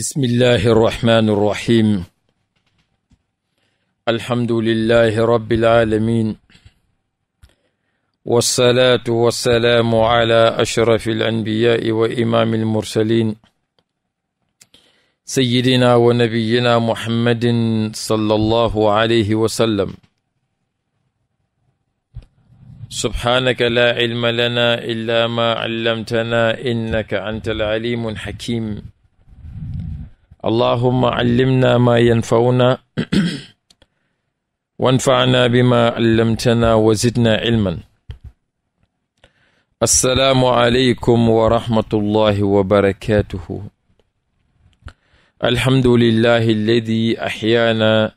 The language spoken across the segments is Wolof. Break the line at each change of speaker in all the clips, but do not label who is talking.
bismillahi irrahmani irrahim alhamdulillahi rabbil alamin wassalatu wassalaamu ala ashrafi alanbiyaai wa imaami almursalin sayyidina wa nabiyina muhammadin sallallahu alayhi wa sallam subhaanaka laa cilma lana illa ma callamtana innaka anta alcalimu alxakim allahuma callimna maa yanfa'una wanfa'na bimaa allamtana wa zidna ilman assalaamu aleykum wa rahmatullahi wa barakaatuhu alhamdulillahi alladi axyaana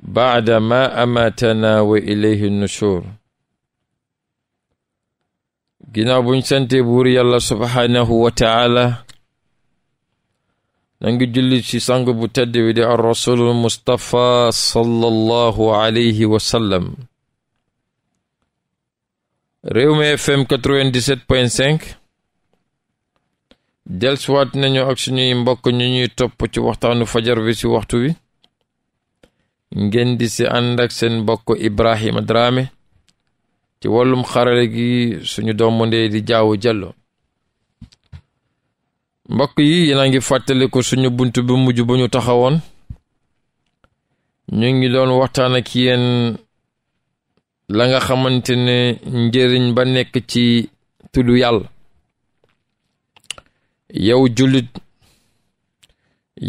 bacda maa amaatana wa ilayhi nushur ginnaaw buñ sante buur yàlla subhaanahu wa taala na ngi julli ci sang bu tedd bi di ar rasulul mustapha sallallahu alayhi wa sallam Rewmi FM 97.5 delsuwaat nañu ak suñuy mbokk ñu ñuy topp ci waxtaanu fajar wi ci waxtu wi ngeen di si ànd ak seen mbokk Ibrahima Drame ci wàllum xarale gi suñu doomu ndey di jaawu jallo mbokk yi yéen ngi fàttaliku suñu bunt bu mujj bu ñu taxawoon ñu ngi doon waxtaan ak yéen la nga xamante ne njëriñ ba nekk ci tudd yàlla yow jullit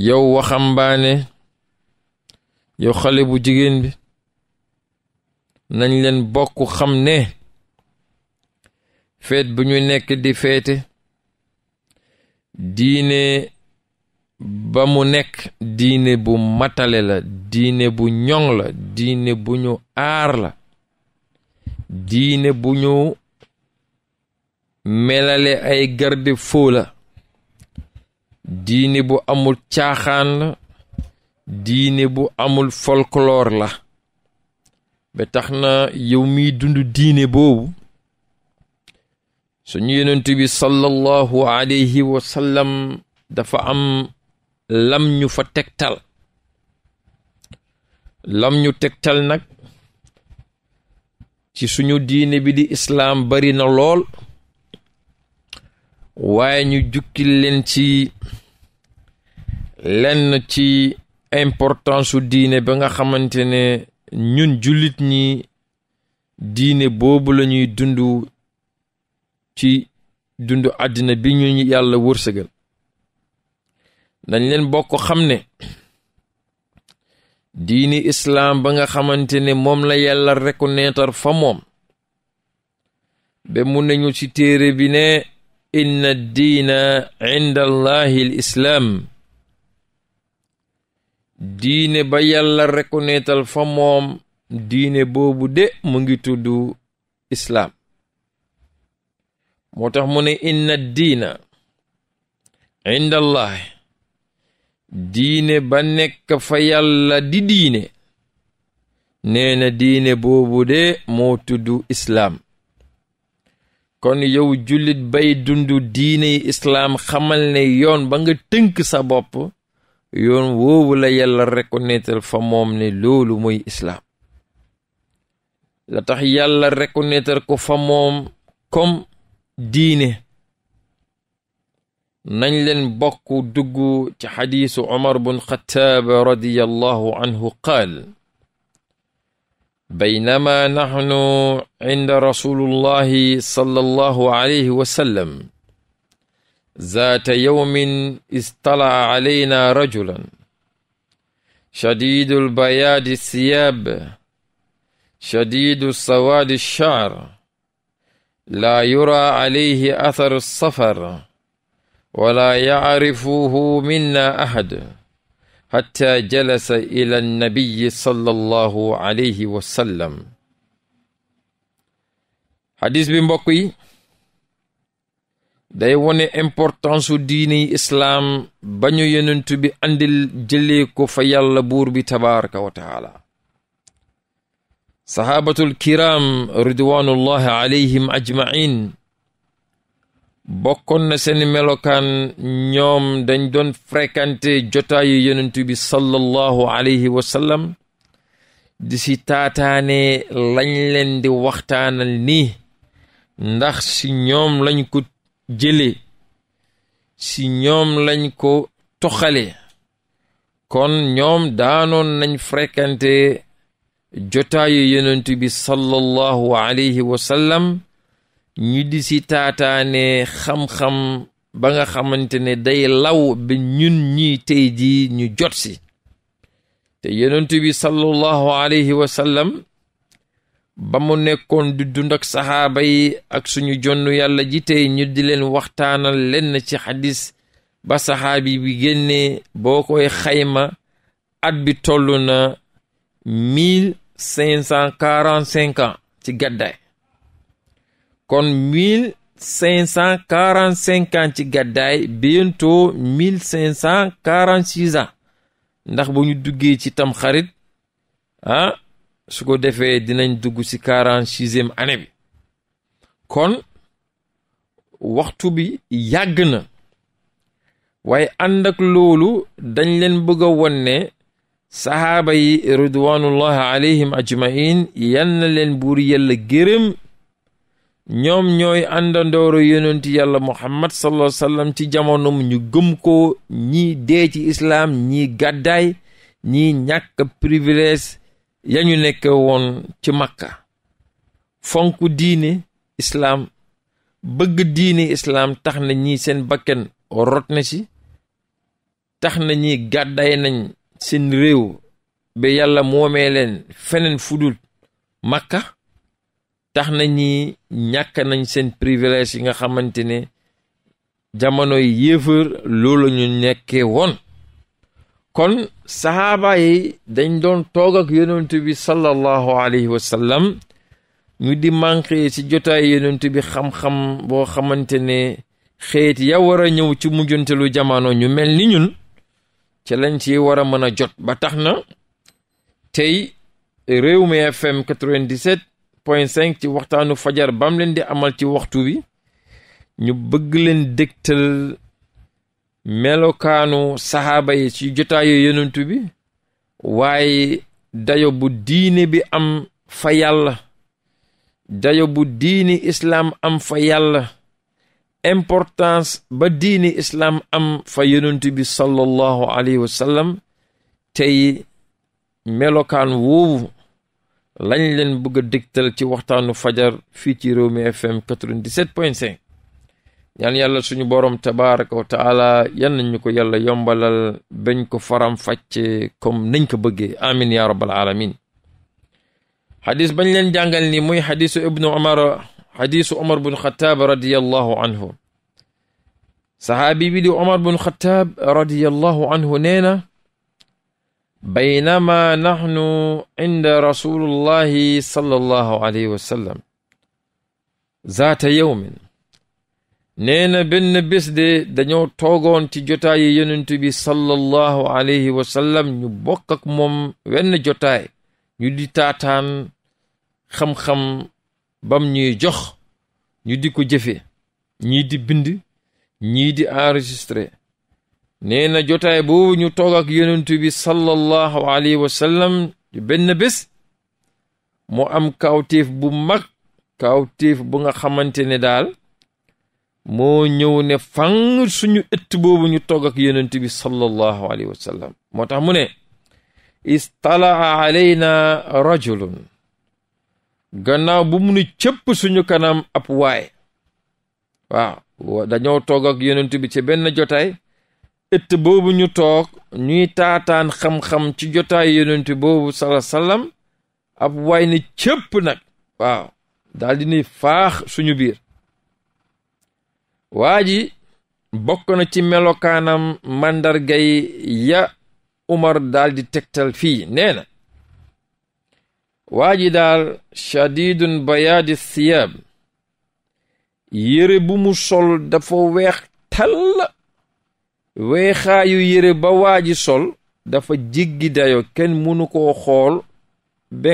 yow waxambaane yow xale bu jigéen bi nañ leen bokk xam ne feet bu ñu nekk di feete diine ba mu nekk diine bu matale la diine bu ñoŋ la diine bu ñu aar la diine bu ñu melale ay garde foo diine bu amul caaxaan la diine bu amul folklore la ba tax na yow mi dund diine boobu suñu yonent bi sallallahu alayhi wa sallam dafa am lam ñu fa tegtal lam ñu tegtal nag ci suñu diine bi di islaam bari na lool waaye ñu jukkil leen ci lenn ci importance su diine ba nga xamante ne ñun jullit ñi diine boobu lañuy dundu ci dundu àddina bi ñu yàlla wërsëgal nañ leen bokk xam ne diini islaam ba nga xamante ne moom la yàlla reconnaître fa moom ba mun nañu ci téere bi ne inna diina inda allahi l islaam diine ba yàlla reconnaître fa moom diine boobu de mu ngi tudd islaam moo tax mu ne inna diina inda diine ba nekk fa yàlla di diine nee na diine boobu de moo tuddu islaam kon yow jullit bay dundu diine yi islaam xamal ne yoon ba nga tënk sa bopp yoon woowu la yàlla reconnaître fa moom ne loolu mooy islaam la tax yàlla reconnaître ko fa moom comme diine nañ leen bokk dugg ci xadiisu Umar bun Xattaab radiyallahu anhu qaal baynama naxnu cinda rasulillahi sallallahu alayhi wa sallam zaata yawmin istalaca calaynaa rajulan shadiidul bayaadi siyaab shadiidu sawaadi sha'r laa yura alayhi atharu safar wala yacrifuhu minna ahad xatta jalasa ila alayhi wa sallam xadis bi mbokk yi day wone importance su diini islaam bañu ñu yenentu bi andil jëlee ko fa yàlla buur bi tabaraka saxaabatul kiram ridwanullahi alayhim ajmain bokkoon na seeni melokaan ñoom dañ doon fréquenté jotaayu yonent bi sallallahu alayhi wa di si taataane lañ leen di waxtaanal nii ndax si ñoom lañ ko jële si ñoom lañ ko toxale kon ñoom daanoon nañ fréquenté jotaayu yonent bi sallallahu alayhi wa ñu di si taataane xam-xam ba nga xamante ne day law ba ñun ñi tey jii ñu jot si te yonent bi sallallahu alayhi wa sallam ba mu nekkoon di dund ak saxaaba yi ak suñu jonn yàlla ji tey ñu di leen waxtaanal lenn ci xadis ba saxaabi bi génnee boo koy xayma at bi na mille cinq cent quarante ci gàddaay kon mille cinq ci gàddaay bientôt mille cinq cent quarante ndax bu ñu duggee ci tam xarit ah su ko defee dinañ dugg ci quarante sixième année bi kon waxtu bi yàgg na waaye ànd loolu dañ leen bëgg a won sahaaba yi ridwanullahi alayhim ajmain yal leen buur yàlla gërëm ñoom ñooy àndandooro yonenti yàlla muhammad sallallahu alayhi wasallam ci jamonom ñu gëm ko ñii dee ci islaam ñii gàddaay ñii ñàkk privilège yañu nekk woon ci makka fonk diine islaam bëgg diine islaam tax na ñi seen bakken rot na ci tax na ñi gàddaay nañ seen réew ba yàlla moomee leen feneen fudul makka tax na ñi ñàkk nañ seen privilège yi nga xamante ne jamono yi yéefar loolu ñu nekkee woon kon sahaaba yi dañ doon toog ak yonent bi sallallahu alayhi wa sallam ñu di manqué ci jotaay yonent bi xam-xam boo xamante ne xeet ya war a ñëw ci mujjantelu jamono ñu mel ni ñun ca lañ ci war a mën a jot ba tax na tey réew mi fm point 5 ci waxtaanu fajar bam leen di amal ci waxtu wi ñu bëgg leen dégtal melokaanu saxaaba yi ci jotaayu yonent bi waaye dayo bu diine bi am fa yàlla dayo bu diini islaam am fa yàlla importance ba diini islaam am fa yonent bi sallallahu alayhi wa sallam tey melokaan woowu lañ leen bëgg a dégtal ci waxtaanu fajar fii ci réew mi fm 97.5 ñaan yàlla suñu boroom tabaraka wa taala yan nañu ko yàlla yombalal bañ ko faram fàcce comme nañ ko bëggee amin ya rabbal alamin xadis bañ leen jàngal ni muy xadisu ibnu umar xadiisu omar bun xataab radiallahu anhu sahaabi bi di omar bun xataab radiallahu anhu nee na baynama nahnu inda rasulullahi sallallahu alayhi wa sallam zaata yawmin nee na benn bés de dañoo toogoon ci jotaayi yonent bi sallallahu alayhi wa sallam ñu bokk ak moom wenn jotaay ñu di taataan xam-xam bam ñuy jox ñu di ko jëfe ñii di bind ñii di enregistré nee na jotaay boobu ñu toog ak yonent bi sallallahu alayhi wa sallam benn bés moo am kawtéef bu mag kawtéef bu nga xamante ne daal moo ñëw ne fang suñu ëtt boobu ñu toog ak yonent bi sallallahu alayhi wa sallam moo tax mu ne istalaa alayna rajulun gannaaw bu mu ni cëpp suñu kanam ab waay waaw dañoo toog ak yonent bi ci benn jotaay ëtt boobu ñu toog ñuy taataan xam-xam ci jotaay yonent boobu sallam ab waay ni cëpp nag waaw daldi ni faax suñu biir waa ji bokk na ci melokaanam màndargay ya Umar daldi tegtal fii nee na waa ji daal shadidun bayaadi siyab yére bu mu sol dafa weex tall weexaayu yére ba waa ji sol dafa jéggi dayo kenn mënu koo xool ba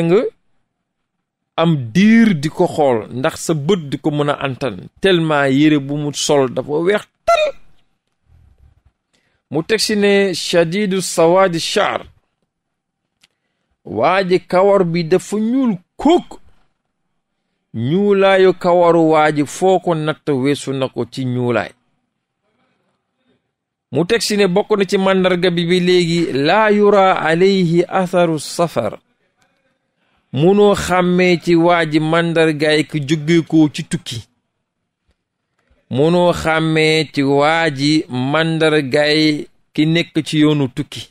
am diir di ko xool ndax sa bët di ko mën a antan tellement yére bu mu sol dafa weex tal mu teg si ne shadidu sawaadi shaar waa ji kawar bi dafa ñuul kuk ñuulaayu kawaru waa ji foo ko natt weesu na ko ci ñuulaay mu teg si ne bokk na ci màndarga bi bi léegi laa yura alayhi atharu safar munoo xàmmee ci waa ji màndargaay ki jógeekoo ci tukki munoo xàmmee ci waaji ji gay ki nekk ci yoonu tukki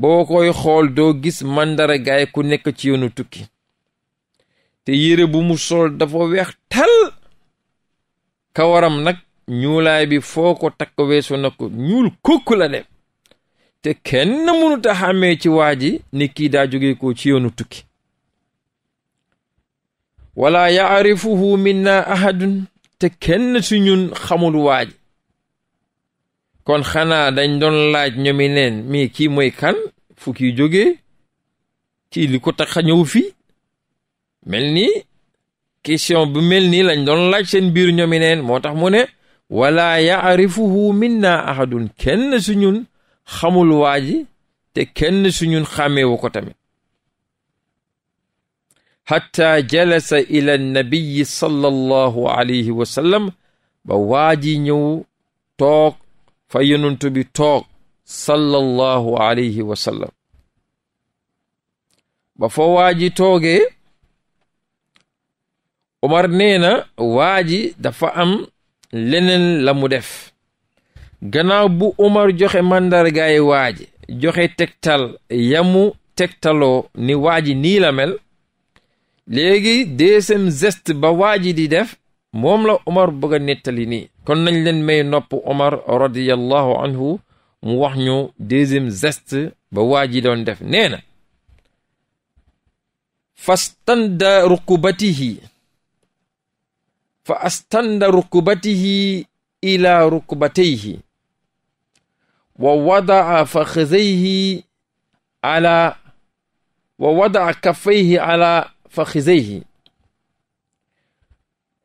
boo koy xool doo gis màndargaay ku nekk ci yoonu tukki te yére bu mu sol dafa weex tal kawaram nag ñuulaay bi foo ko takk weesu na ñuul kukk la te kenn mënut a xàmmee ci waa ji ni kii daa jóge ko ci yoonu tukki wala yaarifuhu minna ahadun te kenn su ñun xamul waa kon xanaa dañ doon laaj ñoomi neen mais kii mooy kan fu kii jógee ci li ko tax a fii mel nii question bu mel nii lañ doon laaj seen biir ñoomi neen moo tax mu ne wala yaarifuhu minna ahadun kenn suñun xamul waa te kenn suñun xàmmeewu ko tamit hatta jalasa ila nabiyi sallallahu alayhi wa sallam ba waa ji toog fa yonent bi toog sallallahu alayhi wa sallam ba fa waaji toogee Omar nee na waaji dafa am leneen la mu def gannaaw bu Omar joxe màndargaay waaji joxe tegtal yamu tegtaloo ni waaji nii la mel léegi deuxième geste ba waaji di def moom la Omar bëgg a nettali nii kon nañ leen may nopp Omar radiyallahu anhu mu wax ñu deuxième geste ba waa ji doon def nee na fastanda rukubatihi fa astanda rukubatihi ila rukbatayhi wa wadaa faxizayhi ala wa wadaa kaffayhi ala faxizayhi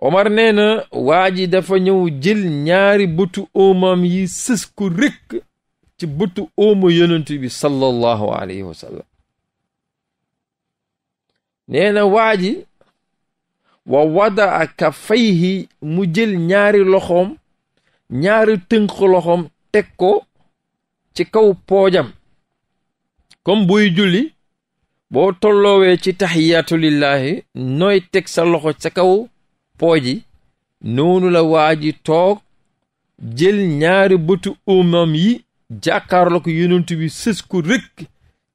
Omar nee na waa ji dafa ñëw jël ñaari bëtu oomam yi sës ko rëkk ci bëtu oomo yonent bi sallallahu alayhi wa sallam nee na waa ji wa wadaa kafayhi mu jël ñaari loxoom ñaari tënk loxoom teg ko ci kaw poojam comme buy julli boo tolloowee ci taxiyaatu lillahi nooy teg sa loxo ca kaw pooji noonu la waa ji toog jël ñaari bëtu umam yi jàkkaarloo ko yonent bi sës rëkk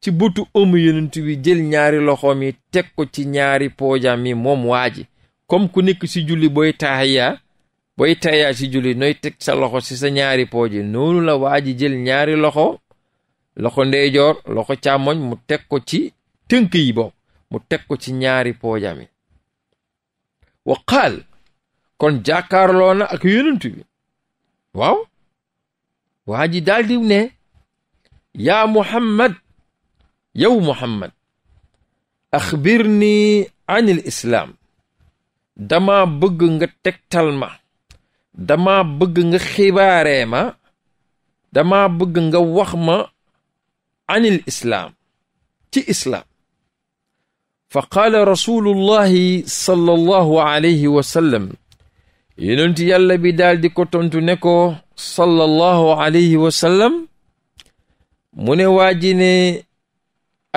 ci butu um yonent bi jël ñaari loxoom yi teg ko ci ñaari poojam yi moom waa ji comme ku nekk ci julli booy taaya booy taaya ci julli nooy teg sa loxo ci sa ñaari pooji noonu la waa ji jël ñaari loxo loxo ndeyjoor loxo càmmoñ mu teg ko ci tënk yi boobu mu teg ko ci ñaari poojam yi wa qaal kon jàkkaarloo na ak yonent bi waaw waa ji daldi ne yaa muhammad yow muhammad axbirni anil islaam dama bëgg nga tegtal ma dama bëgg nga xibaaree ma dama bëgg nga wax ma anil islaam ci islaam fa qaala rasulullahi sallallahu alayhi wa sallam yonent yàlla bi daal di ko tontu ne ko sallallahu alayhi wa mu ne waa ji ne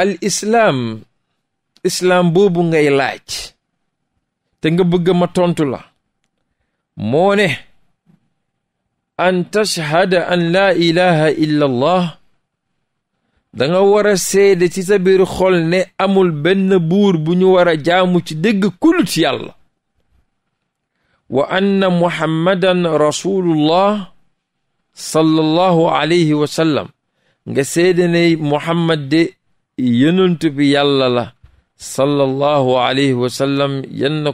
al islaam islaam boobu ngay laaj te nga bëgg ma tontu la moo ne an tashhada an laa ilaha illa allah danga wara a seede ci sa biir xol ne amul benn buur bu ñu war jaamu ci dëgg kulut yàlla wa anna muhammadan rasulullah sallallahu alayhi wa nga seede ne muhammad de yonent bi yàlla la sallallahu alayhi wa sallam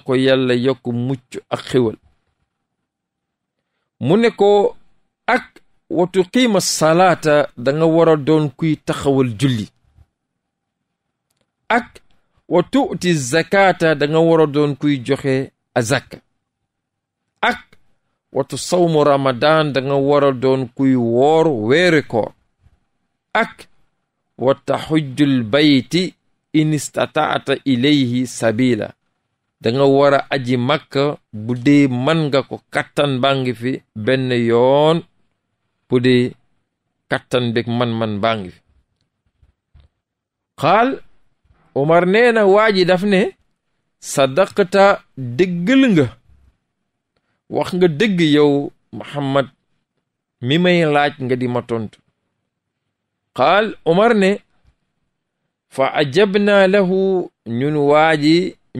ko yalla yokk mucc ak xéwal wa tuqiima salaata danga nga war a doon kuy taxawal julli ak wa tuuti zakaata da nga war a doon kuy joxe azaka ak wa tusawmu ramadan da nga war doon kuy woor weeri koor ak wa taxujjul bayti inistataata istataata ilayhi sabila da nga aji makka bu dee mën nga ko kattan baa ngi fi benn yoon bu kattan bég man-man baa ngi xaal Omar nee daf ne sadaqta dëggal nga wax nga dëgg yow Muhammad mi may laaj nga di ma tontu xaal Omar ne fa ajabna lahu ñun waa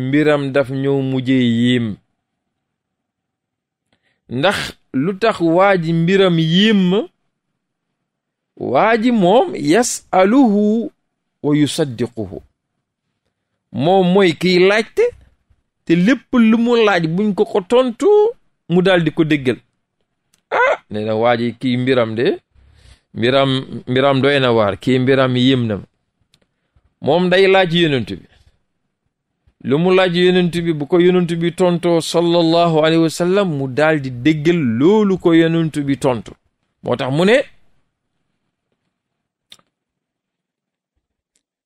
mbiram daf ñëw mujjee yiim ndax lu tax waa ji mbiram yéem waa ji moom yasaluhu wa yusaddiquhu moom moy kiy laajte te lépp lu mu laaj buñ ko ko tontu mu daal di ko déggal ah nee na waa ji kii mbiram de mbiram mbiram doy waar kii mbiram yéem na moom day laaj yonent bi lu mu laaj yonent bi bu ko yonent bi tontoo sallallahu alayhi wa mu daldi di loolu ko yonent bi tontu moo tax mu ne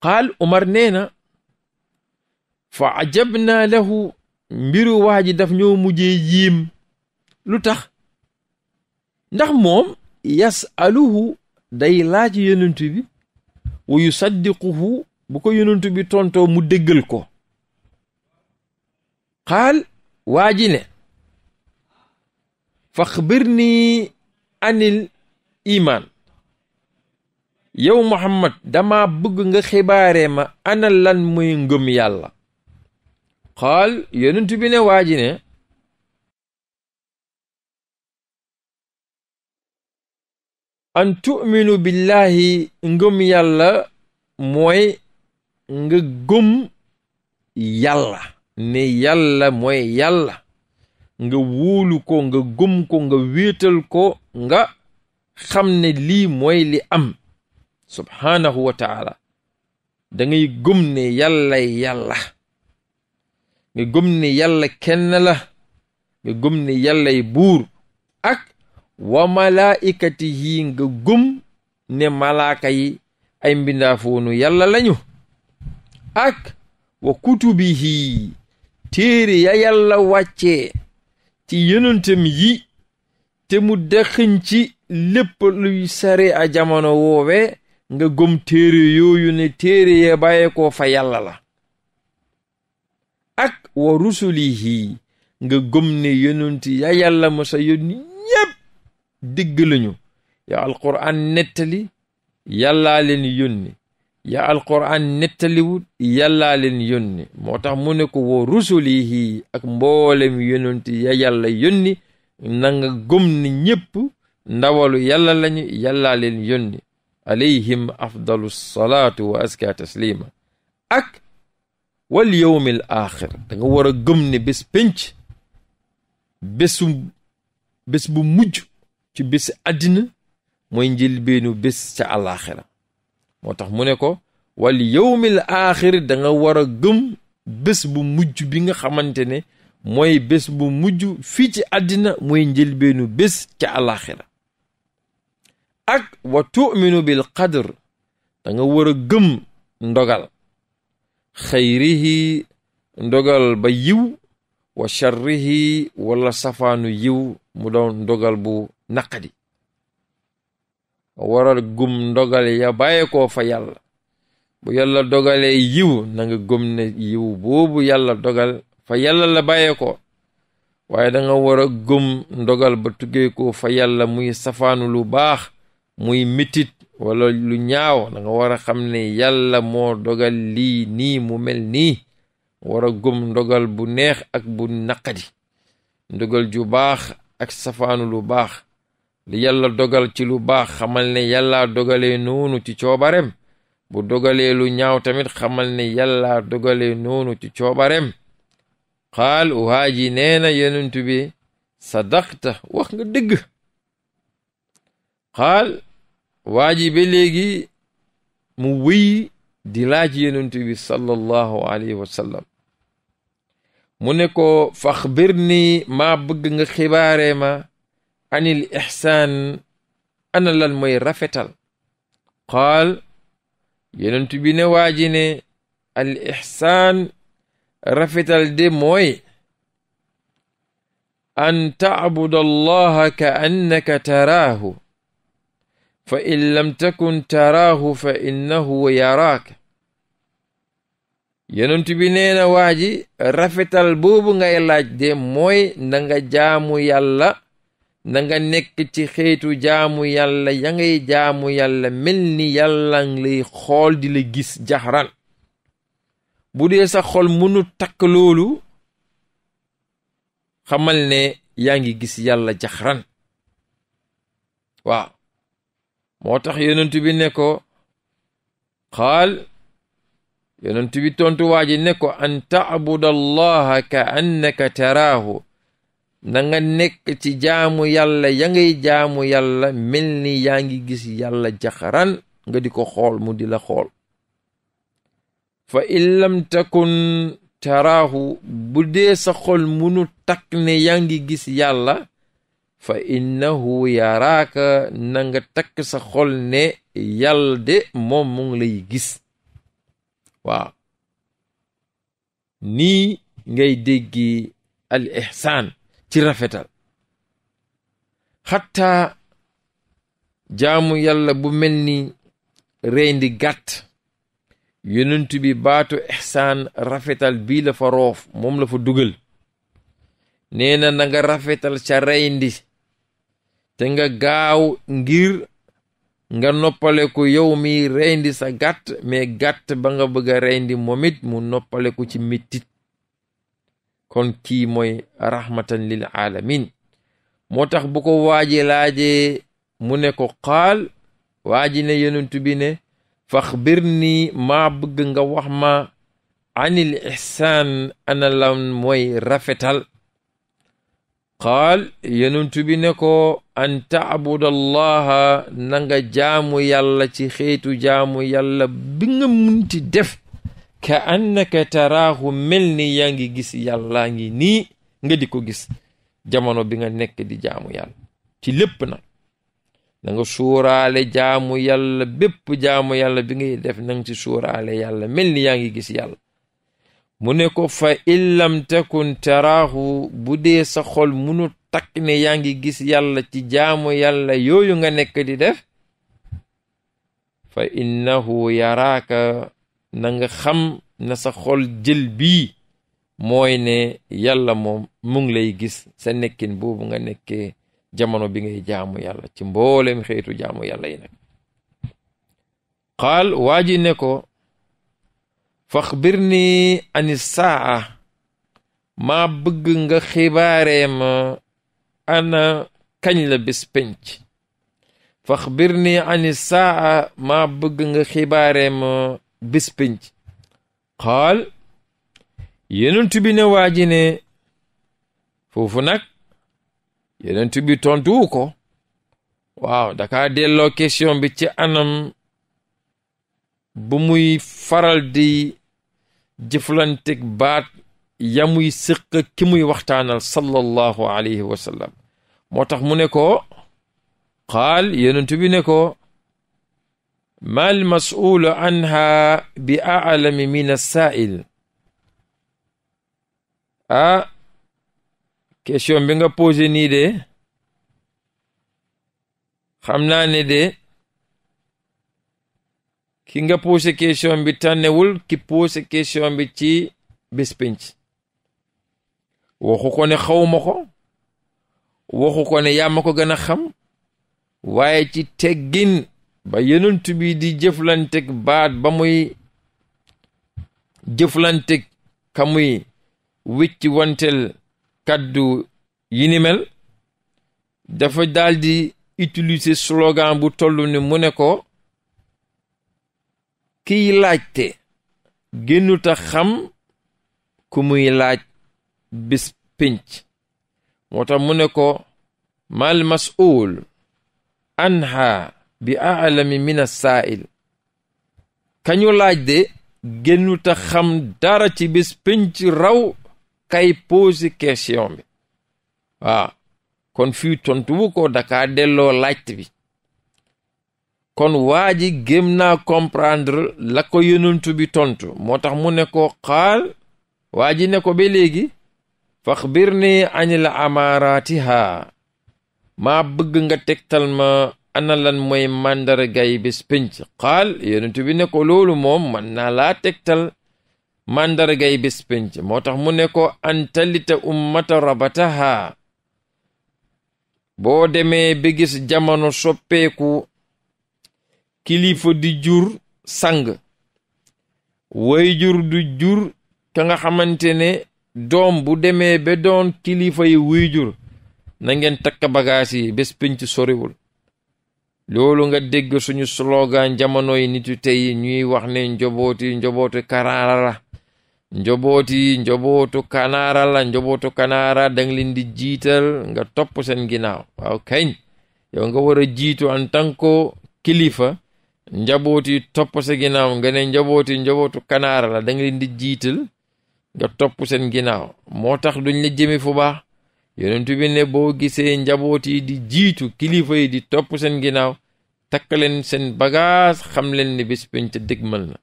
qaal Umar nee na fa ajabna lahu mbiru waa ji daf ñoo mujjee yiim lu tax ndax moom yasaluhu day laaj yonent bi wa yusaddiquhu bu ko yonent bi tontoo mu déggal ko qaal waa ji ne faxbir nii anil iman yow Muhammad dama bëgg nga xibaare ma ana lan muy ngëm yàlla qaal yonent bi ne waa ne an tu'minu billahi ngëm yàlla mooy nga gëm yàlla ne yàlla mooy yàlla nga wóolu ko nga gëm ko nga wéetal ko nga xam ne lii mooy li am subhaanahu wa taala da ngay gëm ne yàlla yàlla nga gëm ne yàlla kenn la nga gëm ne yàllay buur ak wa yi nga gum ne malaaka yi ay mbindaafoonu yàlla lañu ak wa kutubihi téere ya yàlla wàccee ci yonentam yi te mu dëxëñ ci lépp luy sare a jamono woowe nga gom téere yooyu ne téere ya bàyyee koo fa yàlla la ak wa rusulihi nga gëm ni yonent ya yàlla masa yónni ñépp digg lañu ya alquran nettali yàllaa leen yónni ya alquran nettaliwut yàllaa leen yónni moo tax mu ne ko woo rusulihi ak mboolem yonenti ya yàlla yónni na nga gëm ni ñépp ndawalu yàlla lañu yàllaa leen yónni alayhim afdalu salaatu wa aska taslima ak wal yowmil axir da nga war a gëm ne bés pénc bés bu mujj ci bési àddina mooy njëlbeenu bés ca àllaaxira moo tax mu ne ko wal yowmil aaxir danga nga war a gëm bés bu mujj bi nga xamante ne mooy bés bu mujj fii ci àddina mooy njëlbeenu bés ca alaxira ak wa tu'minu bil qadr da nga war a gëm ndogal xayrihi ndogal ba yiw wa sharrihi walla safaanu yiw mu doon ndogal bu naqadi waral gum ndogal ya bàyyi fa yàlla bu yàlla dogalee yiw na nga ne yiw boobu yàlla dogal fa yàlla la bàyyee ko waaye danga nga war a gëm ndogal ba tuggee ko fa yàlla muy safaanu lu baax muy mitit wala lu ñaaw da nga war a xam ne yàlla moo dogal lii nii mu mel nii wara a gëm ndogal bu neex ak bu naqadi ndogal ju baax ak safaanu lu baax li yàlla dogal ci lu baax xamal ne yàlla dogale noonu ci coobareem bu dogalee lu ñaaw tamit xamal ne yàlla dogale noonu ci coobareem xaal uhaaji nee na yonent bi sadaqta wax nga dëgg xaal waaji ba léegi mu wëy di laaj yonent bi sallallahu alayhi wa mu ne ko faxbir ni bëgg nga xibaare anil ixsaan ana lan mooy rafetal qaal yonent bi ne ne al rafetal de mooy an tacbuda allaha ka taraahu fa in lam takun taraahu fa innahu yaraaka yonent bi nee na waa rafetal boobu ngay laaj de mooy na nga jaamu yàlla na nekk ci xeetu jaamu yàlla ya ngay jaamu yàlla mel ni yàlla ngi lay xool di la gis jaxran bu dee sa xol munu takk loolu xamal ne yaa ngi gis yàlla jaxran waaw moo tax yonent bi nekko ko xaal yonent bi tontu waa ji ne ko an taabuda ka annaka taraahu nanga nekk ci jaamu yàlla ya ngay jaamu yàlla mel ni yaa ngi gis yàlla jaxaran nga di ko xool mu di la xool fa in lam takun taraahu bu dee sa xol munu takk ne yaa ngi gis yàlla fa innahu yaraaka na nga takk sa xol ne yàlla de moom mu lay gis waaw nii ngay déggi al ihsaan ci rafetal xattaa jaamu yàlla bu mel ni reyndi gàtt yonent bi baatu ixsaan rafetal bii la fa roof moom la fa dugal nee na nga rafetal ca reyndi te nga gaaw ngir nga noppale ko yow mi reyndi sa gàtt mais gàtt ba nga bëgga a reyndi mu noppale ko ci mettit kon kii mooy rahmatan lil aalamin moo tax bu ko waaje laajee mu ne ko qaal waaji ne yonent bi ne faxbir nii maa bëgg nga wax ma anil ihsaan ana lan mooy rafetal qaal yonent bi ne ko an taabuda allaha na jaamu yàlla ci xeetu jaamu yàlla bi nga munti def ka annaka taraahu mel ni yaa ngi gis yàllaa ngi nii nga di ko gis jamono bi nga nekk di jaamu ci lépp na nga suuraale jaamu yàlla bépp jamu yàlla bi ngay def na ci suuraale yàlla mel ni yaa ngi gis yàlla mu ne ko fa illam takun taraahu bu dee sa xol munu takk ne yaa ngi gis yàlla ci jaamu yàlla yooyu nga nekk di def fa innahu yaraaka na xam na sa xol jël bii mooy ne yàlla moom mu ngi lay gis sa nekkin boobu nga nekkee jamono bi ngay jaamu yàlla ci mbooleem xeetu jaamu yàlla yi nag qaal waa ji ne ko faxbir ni ani saa maa bëgg nga xibaaree ma na kañ la bis penc faxbir ni ani saa maa bëgg nga xibaaree bés pénc xaal yenentu ne waa ji ne foofu nag yenentu bi tontuwu ko waaw dakaa delloo question bi ci anam bu muy faral di jëflanteeg baat yamuy sëq ki muy waxtaanal sallallahu alayhi wa moo tax mu ne ko xaal yenentu bi ne ko mal mas'ulu anha bi a'lami min as-sa'il ah bi nga posé nii de xam naa ne de ki nga posé question bi tànnewul ki posé question bi ci bés pénc waxu ko ne xawma ko waxu ko ne yaa ko gën a xam waaye ci teggin ba yonent bi di jëflanteeg baat ba muy jëflanteeg ka muy wicci wanteel kàddu yi ni dafa daldi utiliser slogan bu toll ni mu ne ko kiy laajte génnut a xam ku muy laaj bis pinc moo tax mu ne ko mal mas'ul bi aalami mina saa'il kañu laaj de génnu ta xam dara ci bés raw kay posé question bi waaw kon fii tontu ko dakaa delloo laajt bi kon waa ji naa comprendre la ko bi tontu moo tax mu ne ko xaal waa ne ko ba léegi faxbir ni ani la amaaraatiha maa bëgg nga tegtal ma ana lan mooy màndargay bés pénc xaal bi ne ko loolu moom mën naa laa tegtal màndargay bés moo tax mu ne ko antalita ummata rabataha boo demee ba gis jamono soppeeku kilifa di jur sang wayjur du jur ka nga xamante ne doom bu demee ba doon kilifa yi wayjur na ngeen takk bagaas yi bés soriwul loolu nga dégg suñu slogan jamono yi nit yu tey ñuy wax ne njobooti njobootu kanaara la njobooti njobootu kanaara la njobootu kanaara danga leen di jiital nga topp seen ginnaaw waaw kañ yow nga war a jiitu en tant kilifa njabooti topp sa ginnaaw nga ne njabooti njobootu kanaara la danga leen di jiital nga topp seen ginnaaw moo tax duñ la jëme fu baax yonentu ne boo gisee njaboot yi di jiitu kilifa yi di topp seen ginnaaw takk leen seen bagaas xam leen ni bis pénc dégmal na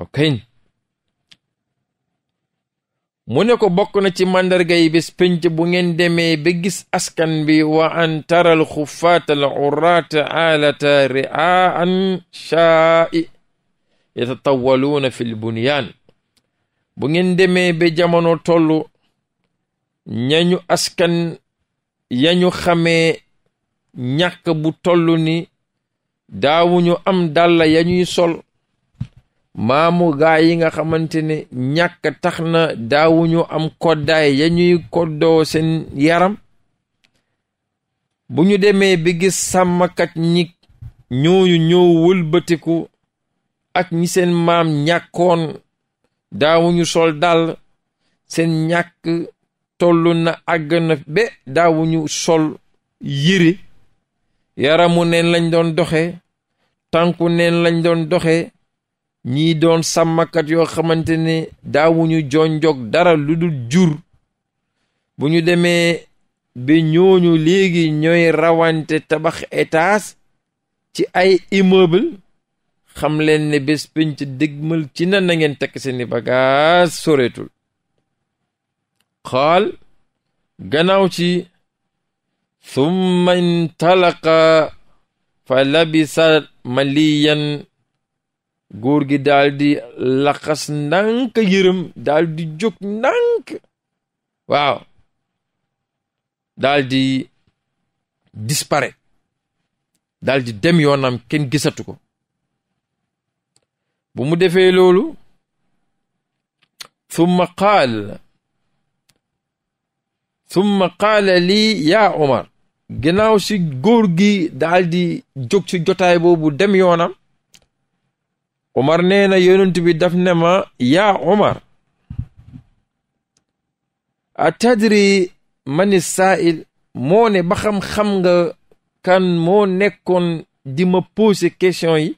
waaw mu ne ko bokk na ci màndarga yi bis bu ngeen demee ba gis askan bi wa an taral xufaata al urata alata riaan shaai yatatawaluuna fi l bunyaan bu ngeen demee ba jamono tollu ñañu askan yañu xamee ñàkk bu toll ni daawuñu am dàlla ya sol maamu gaa yi nga xamante ne ñàkk tax na daawuñu am koddaay ya ñuy koddoo seen yaram bu ñu demee bi gis sàmmkat ñi ñooñu ñëw wëlbatiku ak ñi seen maam ñàkkoon daawuñu sol dàll seen ñàkk toll na àgg na be daawuñu sol yére yaramu neen lañ doon doxe tànku neen lañ doon doxe ñii doon sàmmkat yoo xamante ne daawuñu jonjog dara lu jur bu ñu demee ba ñooñu léegi ñooy rawante tabax étage ci ay immeuble xam leen ne bés pénc dégmal ci na na ngeen tekk seeni bagaas soreetul xaal gannaaw ci thumma intalaqa fa labisa maliyan góor gi daal di laxas ndànk yërëm daal di jóg ndànk waaw daldi di disparaître dem yoonam kenn gisatu ko bu mu defee loolu thumma qaal thumma qaala lii yaa Omar ginnaaw si góor gi daldi di jóg ci jotaay boobu dem yoonam Omar nee na yonent daf ne ma yaa Omar atadri manis saa'il moo ne ba xam-xam nga kan moo nekkoon dima ma poser yi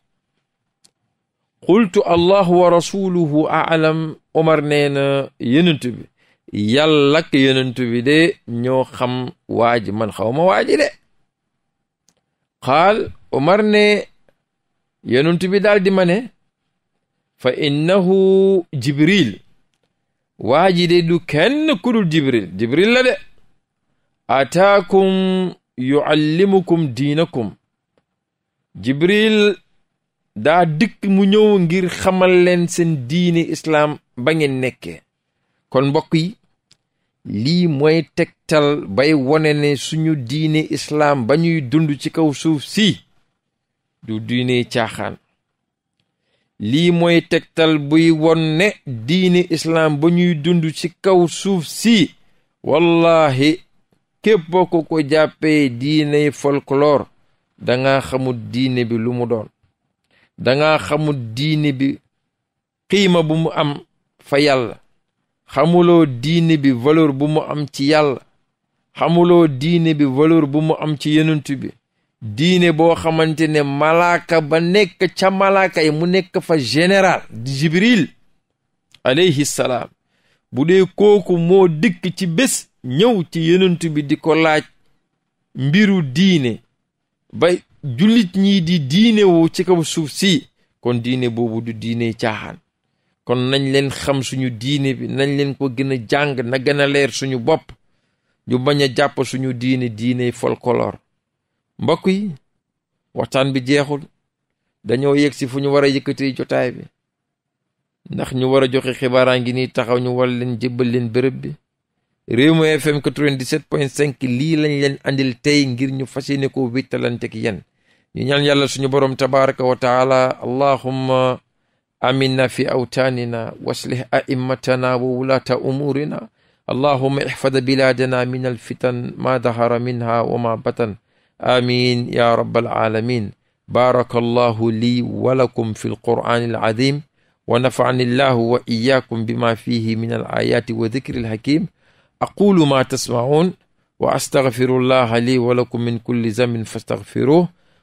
qultu allahu wa rasuluhu aalam Omar nee na yonent yàlla ak yonent bi de ñoo xam waaji man xawma ma waaji de qaal Umar ne yonent bi daal di ma ne fa innahu jibril waaji de du kenn kudul jibril jibril la de ataakum yuallimukum diinakum jibril daa dikk mu ñëw ngir xamal leen seen diini islaam ba ngeen nekkee kon mbokk yi lii moy tegtal bay wone ne suñu diine islaam ba ñuy dund ci kaw suuf si du diine caaxaan lii mooy tegtal buy won ne diine islaam ba ñuy dund ci kaw suuf si wallahi képp ku ko jàppee diiney folklore danga xamul diine bi lu doon danga xamul diine bi xiima bu mu am fa yàlla xamuloo diine bi valeur bu mu am ci yàlla xamuloo diine bi valeur bu mu am ci yenentu bi diine boo xamante ne malaaka ba nekk ca malaaka yi mu nekk fa général di jibril alayhi bu dee kooku moo dikk ci bés ñëw ci yenentu bi di ko laaj mbiru diine ba jullit ñi di diine wu ci kaw suuf si kon diine boobu du diine caaxaan kon nañ leen xam suñu diine bi nañ leen ko gën a jàng na gën a leer suñu bopp ñu bañ a jàpp suñu diine diine folklore mbokk yi waxtaan bi jeexul dañoo yegg si fu ñu war a yëkkati jotaay bi ndax ñu war a joxe xibaaraa ngi nii taxaw ñu war leen jébbal leen bërëb bi Rewmi FM 97.5 lii lañ leen andil tey ngir ñu fas yéene ko wéttalante ak yéen ñu ñaan yàlla suñu borom tabaraka wa taala allahumma آمنا في أوتاننا واصلح أئمتنا وولاة أمورنا اللهم احفظ بلادنا من الفتن ما ظهر منها وما بطن آمين يا رب العالمين بارك الله لي ولكم في القرآن العظيم ونفعني الله وإياكم بما فيه من الآيات وذكر الحكيم أقول ما تسمعون وأستغفر الله لي ولكم من كل ذنب فاستغفروه